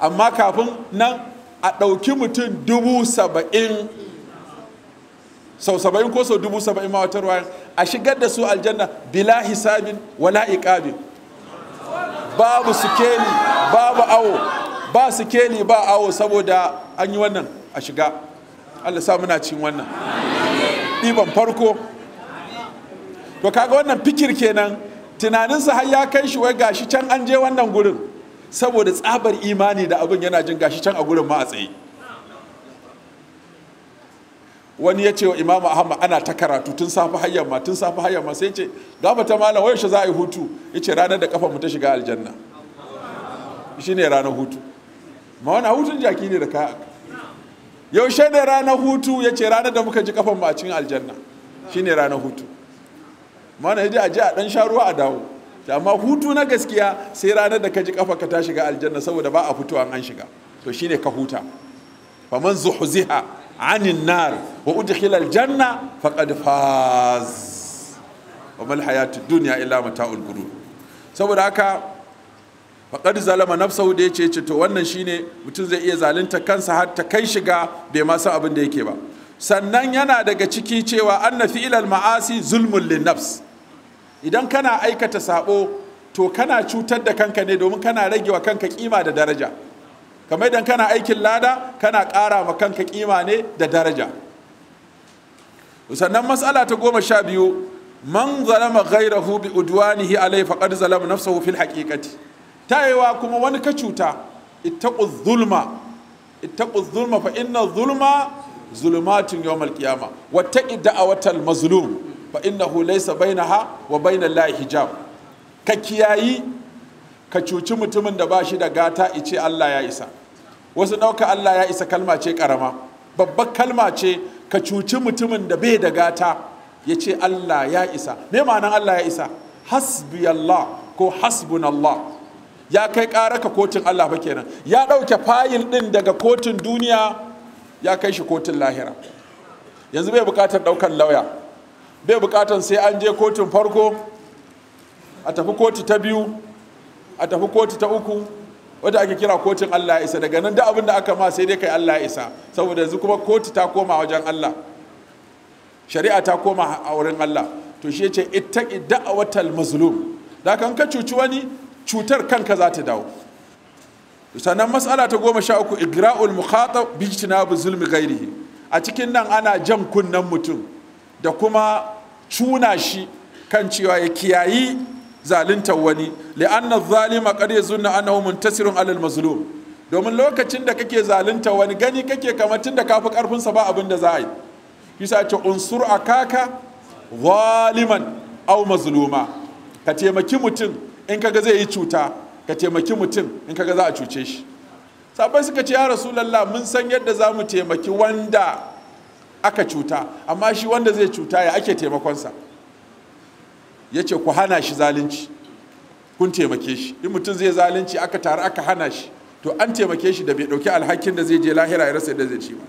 amma kafin nan a ɗauki mutum dubu saba'in sau saba'in ko sau dubu saba'in ma a shigar da su aljanna bila hisabin wala iqabin babu sukeli babu awo ba su keli ba awo saboda an yi wannan a shiga allah sa muna cin wannan ɗiban farko to kaga wannan fikir kenan tunaninsa har ya kai shi wai gashi can an je wannan gurin saboda tsabar imani da abin yana jin gashi can a gurin ma a tsaye wani ya ce wa imamu ahmad ana ta karatu tun safi hayyar ma tun safi hayyar ma sai ce gaba ta malam wayar shi za a yi hutu ya ce ranar da kafa mu ta shiga aljanna shine ranar hutu ma wani hutun jaki ne da ka yaushe ne ranar hutu ya ce ranar da muka ji kafan mu a cikin aljanna shine ranar hutu mana yaje a je a dan sha ruwa a dawo amma hutu na gaskiya sai ranar da ka ji kafa ka ta shiga aljanna saboda ba a fitowa an shiga to shine ka huta faman zuhuziha anin nar wa udkhila aljanna faqad faz wa mal hayatud dunya illa mata'ul ghurur saboda haka faƙar zalama nafsahu da ya ce to wannan shine mutum zai iya zalunta kansa har ta kai shiga bai ma san abin da yake ba sannan yana daga ciki cewa an na fi'ilal ma'asi zulmun lin idan kana aikata saɓo, to kana cutar da kanka ne domin kana rage wa kanka kima da daraja kamar idan kana aikin lada kana ƙara ma kanka kima ne da daraja sannan matsala ta goma sha biyu man zalama ghairahu bi udwanihi alai faqad zalama nafsahu fil haqiqati tayewa kuma wani ka cuta ittaqu zulma ittaqu zulma fa inna zulma zulumatun yawmal qiyama wattaqi da'awatal mazlum fa innahu laysa bainaha wa bainal lahi hijab ka kiyayi ka cuci mutumin da bashi da gata ice Allah ya isa wasu nauka Allah ya isa kalma ce karama babbar kalma ce ka cuci mutumin da bai da gata ya ce Allah ya isa me ma'anan Allah ya isa hasbi Allah ko hasbunallah ya kai karaka kotun Allah ba kenan ya ɗauke fayil ɗin daga kotun duniya ya kai shi kotun lahira yanzu bai buƙatar ɗaukar lauya bai buƙatar sai an je kotun farko a tafi kotu ta biyu a tafi kotu ta uku wadda ake kira kotun Allah ya isa daga nan da abin da aka ma sai dai kai Allah ya isa saboda yanzu kuma kotu ta koma wajen Allah shari'a ta koma a wurin Allah to shi yace ittaqi da'watal mazlum da kan ka cuci wani cutar kanka za ta dawo sannan matsala ta goma sha uku igra'ul mukhata bi ijtinabu zulmi gairihi a cikin nan ana jan kunnen mutum da kuma cuna shi kan cewa ya kiyayi zaluntar wani li'anna zalima qad yazunna annahu muntasirun alal mazlum domin lokacin da kake zalunta wani gani kake kamar tun da kafi karfin sa ba abin da za a yi yasa ce unsur akaka zaliman aw mazluma ka taimaki mutum in kaga zai yi cuta ka taimaki mutum in kaga za a cuce shi sabai suka ce ya rasulallah mun san yadda za mu taimaki wanda aka cuta amma shi wanda zai cuta ya ake taimakonsa ya ce ku hana shi zalunci kun taimake shi in mutum zai zalunci aka tare aka hana shi to an taimake shi da bai ɗauki alhakin da zai je lahira ya rasa yadda zai ci ba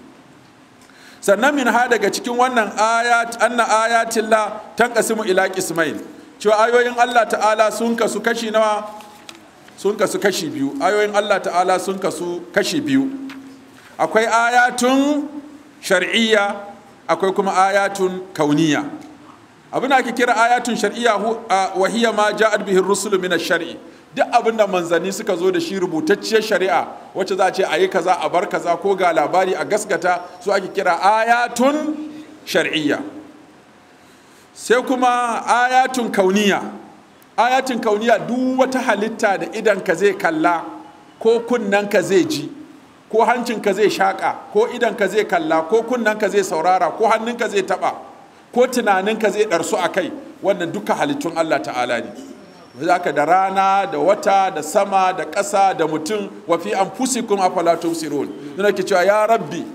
sannan min ha daga cikin wannan ayat anna ayatillah tanqasimu ila qismain cewa ayoyin Allah ta'ala sun kasu kashi nawa sun kasu kashi biyu ayoyin Allah ta'ala sun kasu kashi biyu akwai ayatun shar'iyya akwai kuma ayatun kauniya abin da ake kira ayatun shar'iyya wa hiya ma ja'at bihi ar-rusul min ash-shar'i duk abin da manzanni suka zo da shi rubutacciyar shari'a wacce za a ce a yi kaza a bar kaza ko ga labari a gaskata su ake kira ayatun shar'iyya sai kuma ayatun kauniya ayatun kauniya duk wata halitta da ka zai kalla ko kunnanka zai ji ko hancin ka zai shaƙa ko ka zai kalla ko kunnanka zai saurara ko hannunka zai taɓa ko tunaninka zai ɗarsu a kai wannan duka halittun allah ta'ala ne zaka da rana da wata da sama da ƙasa da mutum wa fi anfusikum afala tubsirun nuna ke cewa ya rabbi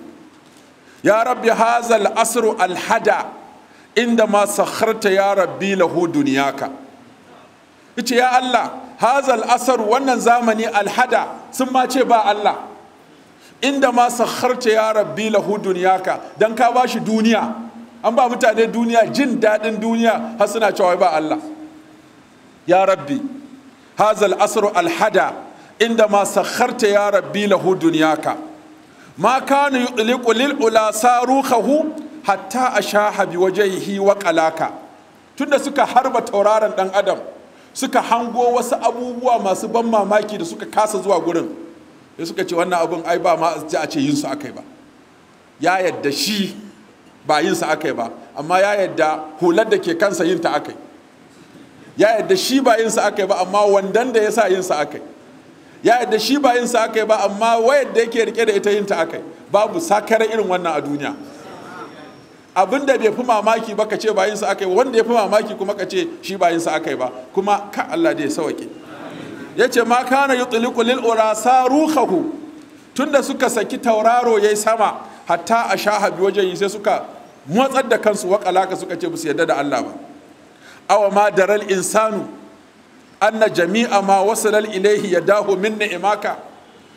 ya rabbi hazal asru alhada inda ma sakharta ya rabbi lahu duniyaka yace ya Allah hazal asar wannan zamani alhada sun ma ce ba Allah inda ma sakharta ya rabbi lahu duniyaka dan ka bashi duniya an ba mutane duniya jin daɗin duniya har suna cewa ba Allah ya rabbi hazal asar alhada inda ma sakharta ya rabbi lahu duniyaka ma kana yuqliqu lil ula sarukahu hatta a sha habi wajehi wa kalaka tunda suka harba tauraron dan adam suka hango wasu abubuwa masu ban mamaki da suka kasa zuwa gurin da suka ce wannan abin ai ba ma a ce yin su akai ba ya yadda shi ba yin sa akai ba amma ya yadda hular da ke kansa yin ta akai ya yadda shi ba yin sa akai ba amma wandan da ya sa yin su akai ya yadda shi ba yin sa akai ba amma wayar da yake rike da ita yin ta akai babu sakare irin wannan a duniya abin da bai fi mamaki ba ka ce sa aka yi wanda ya fi mamaki kuma ka ce shi sa aka yi ba kuma ka Allah da ya sauke ya ce ma kana yi tuliku lil urasa ruhahu tunda suka saki tauraro ya yi sama hatta a sha habi wajen yi sai suka motsar da kansu wakalaka suka ce su yadda da Allah ba awa ma daral insanu anna jami'a ma wasalal ilaihi ya dahu min ni'imaka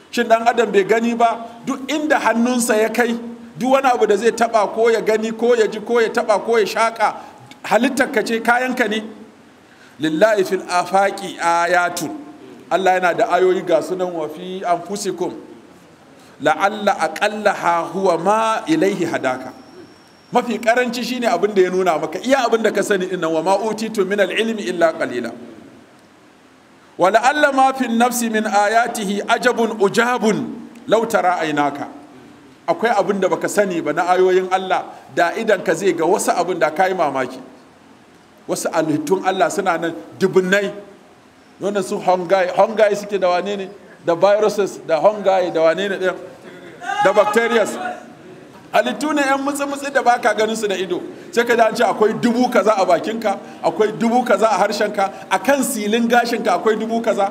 shin dan adam bai gani ba duk inda hannunsa ya kai duk wani abu da zai taba ko ya gani ko ya ji ko ya taba ko ya shaka ka ce kayanka ne lillahi fil afaqi ayatun Allah yana da ayoyi ga sunan wa fi anfusikum la'alla ha huwa ma ilaihi hadaka mafi karanci shine abin da ya nuna maka iya abin da ka sani inna wa ma utitu min al-ilmi illa qalila wa la'alla ma fi nafsi min ayatihi ajabun ujabun law tara aynaka akwai abin da baka sani ba na ayoyin Allah da idan ka zai ga wasu abin da ka yi mamaki wasu alhittun Allah suna nan dubunai wannan su hongai hongai suke da wane ne da viruses da hongai da wane ne da bacterias halittu ne yan mutsi-mutsi da baka ganin su da ido sai ka ce akwai dubu kaza a bakinka akwai dubu kaza a harshenka a kan silin gashinka akwai dubu kaza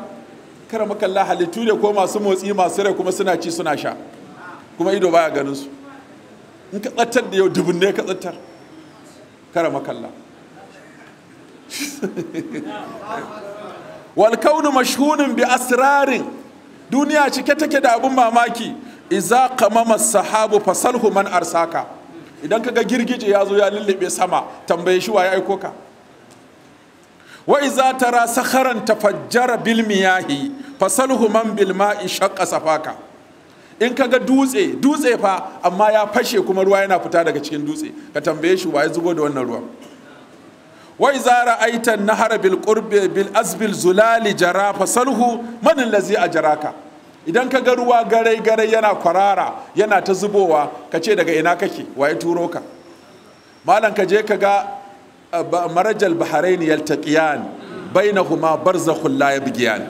kara makalla halittu ne ko masu motsi masu rai kuma suna ci suna sha kuma ido baya ganin su in ka tsattar da yau dubun ne ka tsattar kara makalla wal kaunu mashhunin bi asrarin duniya cike take da abun mamaki iza kamama sahabu fasalhu man arsaka idan ka ga girgije ya zo ya lullube sama tambaye shi wa ya aiko ka wa iza tara sakharan tafajjara bil miyahi fasalhu man bil ma'i shaqqa safaka in ka ga dutse dutse fa amma ya fashe kuma ruwa yana fita daga cikin dutse ka tambaye shi waye zubo da wannan ruwan wai zara aitan nahara bil qurbi bil azbil zulali jara salhu man allazi ajraka idan ka ga ruwa garai garai yana kwarara yana ta zubowa ka ce daga ina kake waye turo ka malam ka je ka ga marajal bahrain yaltaqiyan bainahuma barzakhul la yabghiyan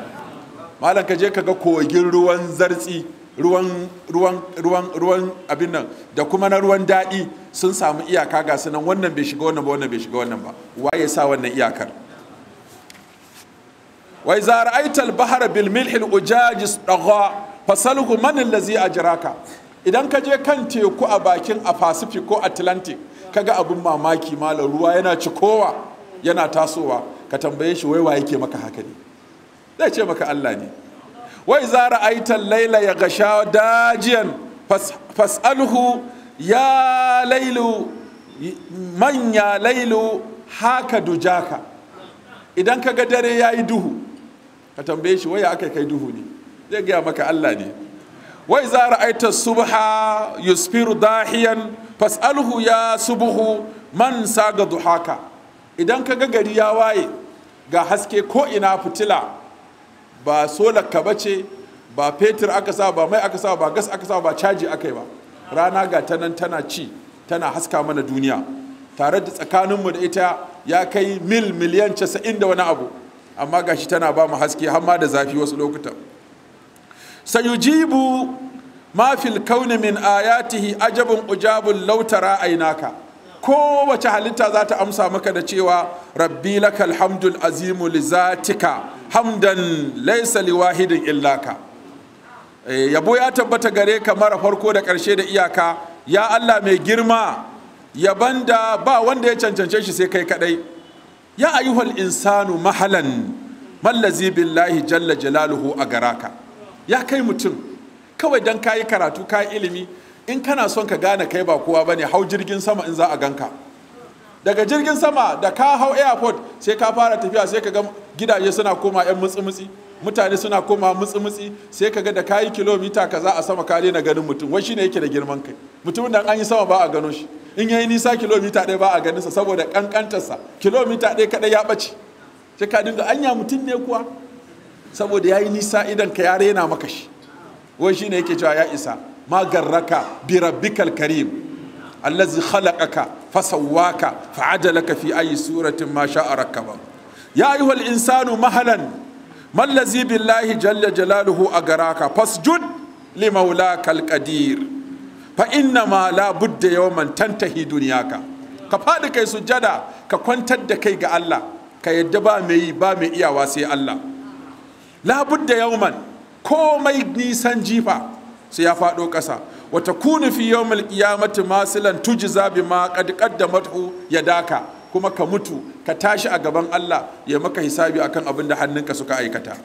malam ka je ka ga kogin ruwan zartsi ruwan abin nan da kuma na ruwan daɗi sun samu iyaka ga sunan wannan bai shiga wannan ba wannan bai shiga wannan ba waye sa wannan iyakar wai za ra'aital bahara bil milhin ujajis dagha fasalhu man allazi ajraka idan ka je kan teku a bakin a pacific ko atlantic ka ga abin mamaki malar ruwa yana cikowa yana tasowa ka tambaye shi wai waye ke maka haka ne zai ce maka Allah ne wai zara aitan laila ya gasha dajiyan fas'alhu ya lailu manya lailu haka dujaka idan ka ga dare ya yi duhu ka tambaye shi waya aka kai duhu ne zai gaya maka allah ne wai zara aitan subha yusfiru dahiyan fas'alhu ya subuhu man saga duhaka idan ka ga gari ya waye ga haske ko ina fitila ba solar ka ce ba fetur aka sa ba mai aka sa ba gas aka sa ba caji aka yi ba rana ga ta nan tana ci tana haska mana duniya tare da tsakaninmu da ita ya kai mil miliyan casa'in da wani abu amma gashi tana ba mu haske har ma da zafi wasu lokutan sayujibu ma fil kauni min ayatihi ajabun ujabun lautara ainaka kowace halitta za ta amsa maka da cewa rabbi lakal hamdul azimu li zatika hamdan laysa liwahidin illaka eh, yabo ya tabbata gare ka mara farko da ƙarshe da iyaka ya Allah mai girma yaban da ba wanda ya cancance shi sai kai kadai ya ayyuhal insanu mahalan mallazi billahi jalla jalaluhu a garaka ya kai mutum kawai dan kayi karatu kayi ilimi in kana son ka gane kai ba kowa bane hau jirgin sama in za a ganka daga jirgin sama da ka hau airport sai ka fara tafiya sai ka ga gidaje suna koma yan mutsi mutane suna koma mutsi-mutsi sai ka ga da kayi kilomita kaza a sama ka na ganin mutum wai shine yake da girman kai mutumin da an yi sama ba a gano shi in yayi nisa kilomita ɗaya ba a ganin sa saboda kankantarsa kilomita ɗaya kaɗai ya ɓace sai ka dinga anya mutum ne kuwa saboda yayi nisa idan ka ya rena maka shi wai shine yake cewa ya isa magarraka garraka bi karim allazi khalaqaka fasawwaka fa'adalaka fi ayi suratin ma sha'a rakkaba ya ayyuhal insanu mahalan mallazi billahi jalla jalaluhu agaraka fasjud limaulaka alqadir fa inna ma la budda yawman tantahi duniyaka ka faɗi kai sujjada ka kwantar da kai ga Allah ka yadda ba mai yi ba mai iyawa sai Allah la budda yawman komai nisan jifa sai ya faɗo ƙasa wata kunu fi yawmal qiyamati masilan tujza bima qad qaddamathu yadaka kuma ka mutu ka tashi a gaban Allah ya maka hisabi akan abin da hannunka suka aikata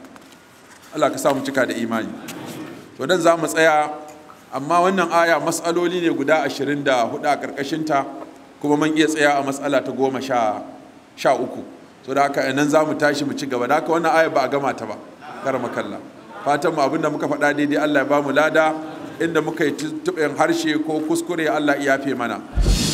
Allah ka samu cika da imani to dan za mu tsaya amma wannan aya matsaloli ne guda 24 a karkashin ta kuma mun iya tsaya a matsala ta goma sha uku To da haka nan za mu tashi mu ci gaba da haka wannan aya ba a gama ta ba kar makalla fatan abin da muka faɗa daidai Allah ya ba mu lada inda muka yi tuɓin harshe ko kuskure Allah ya fi mana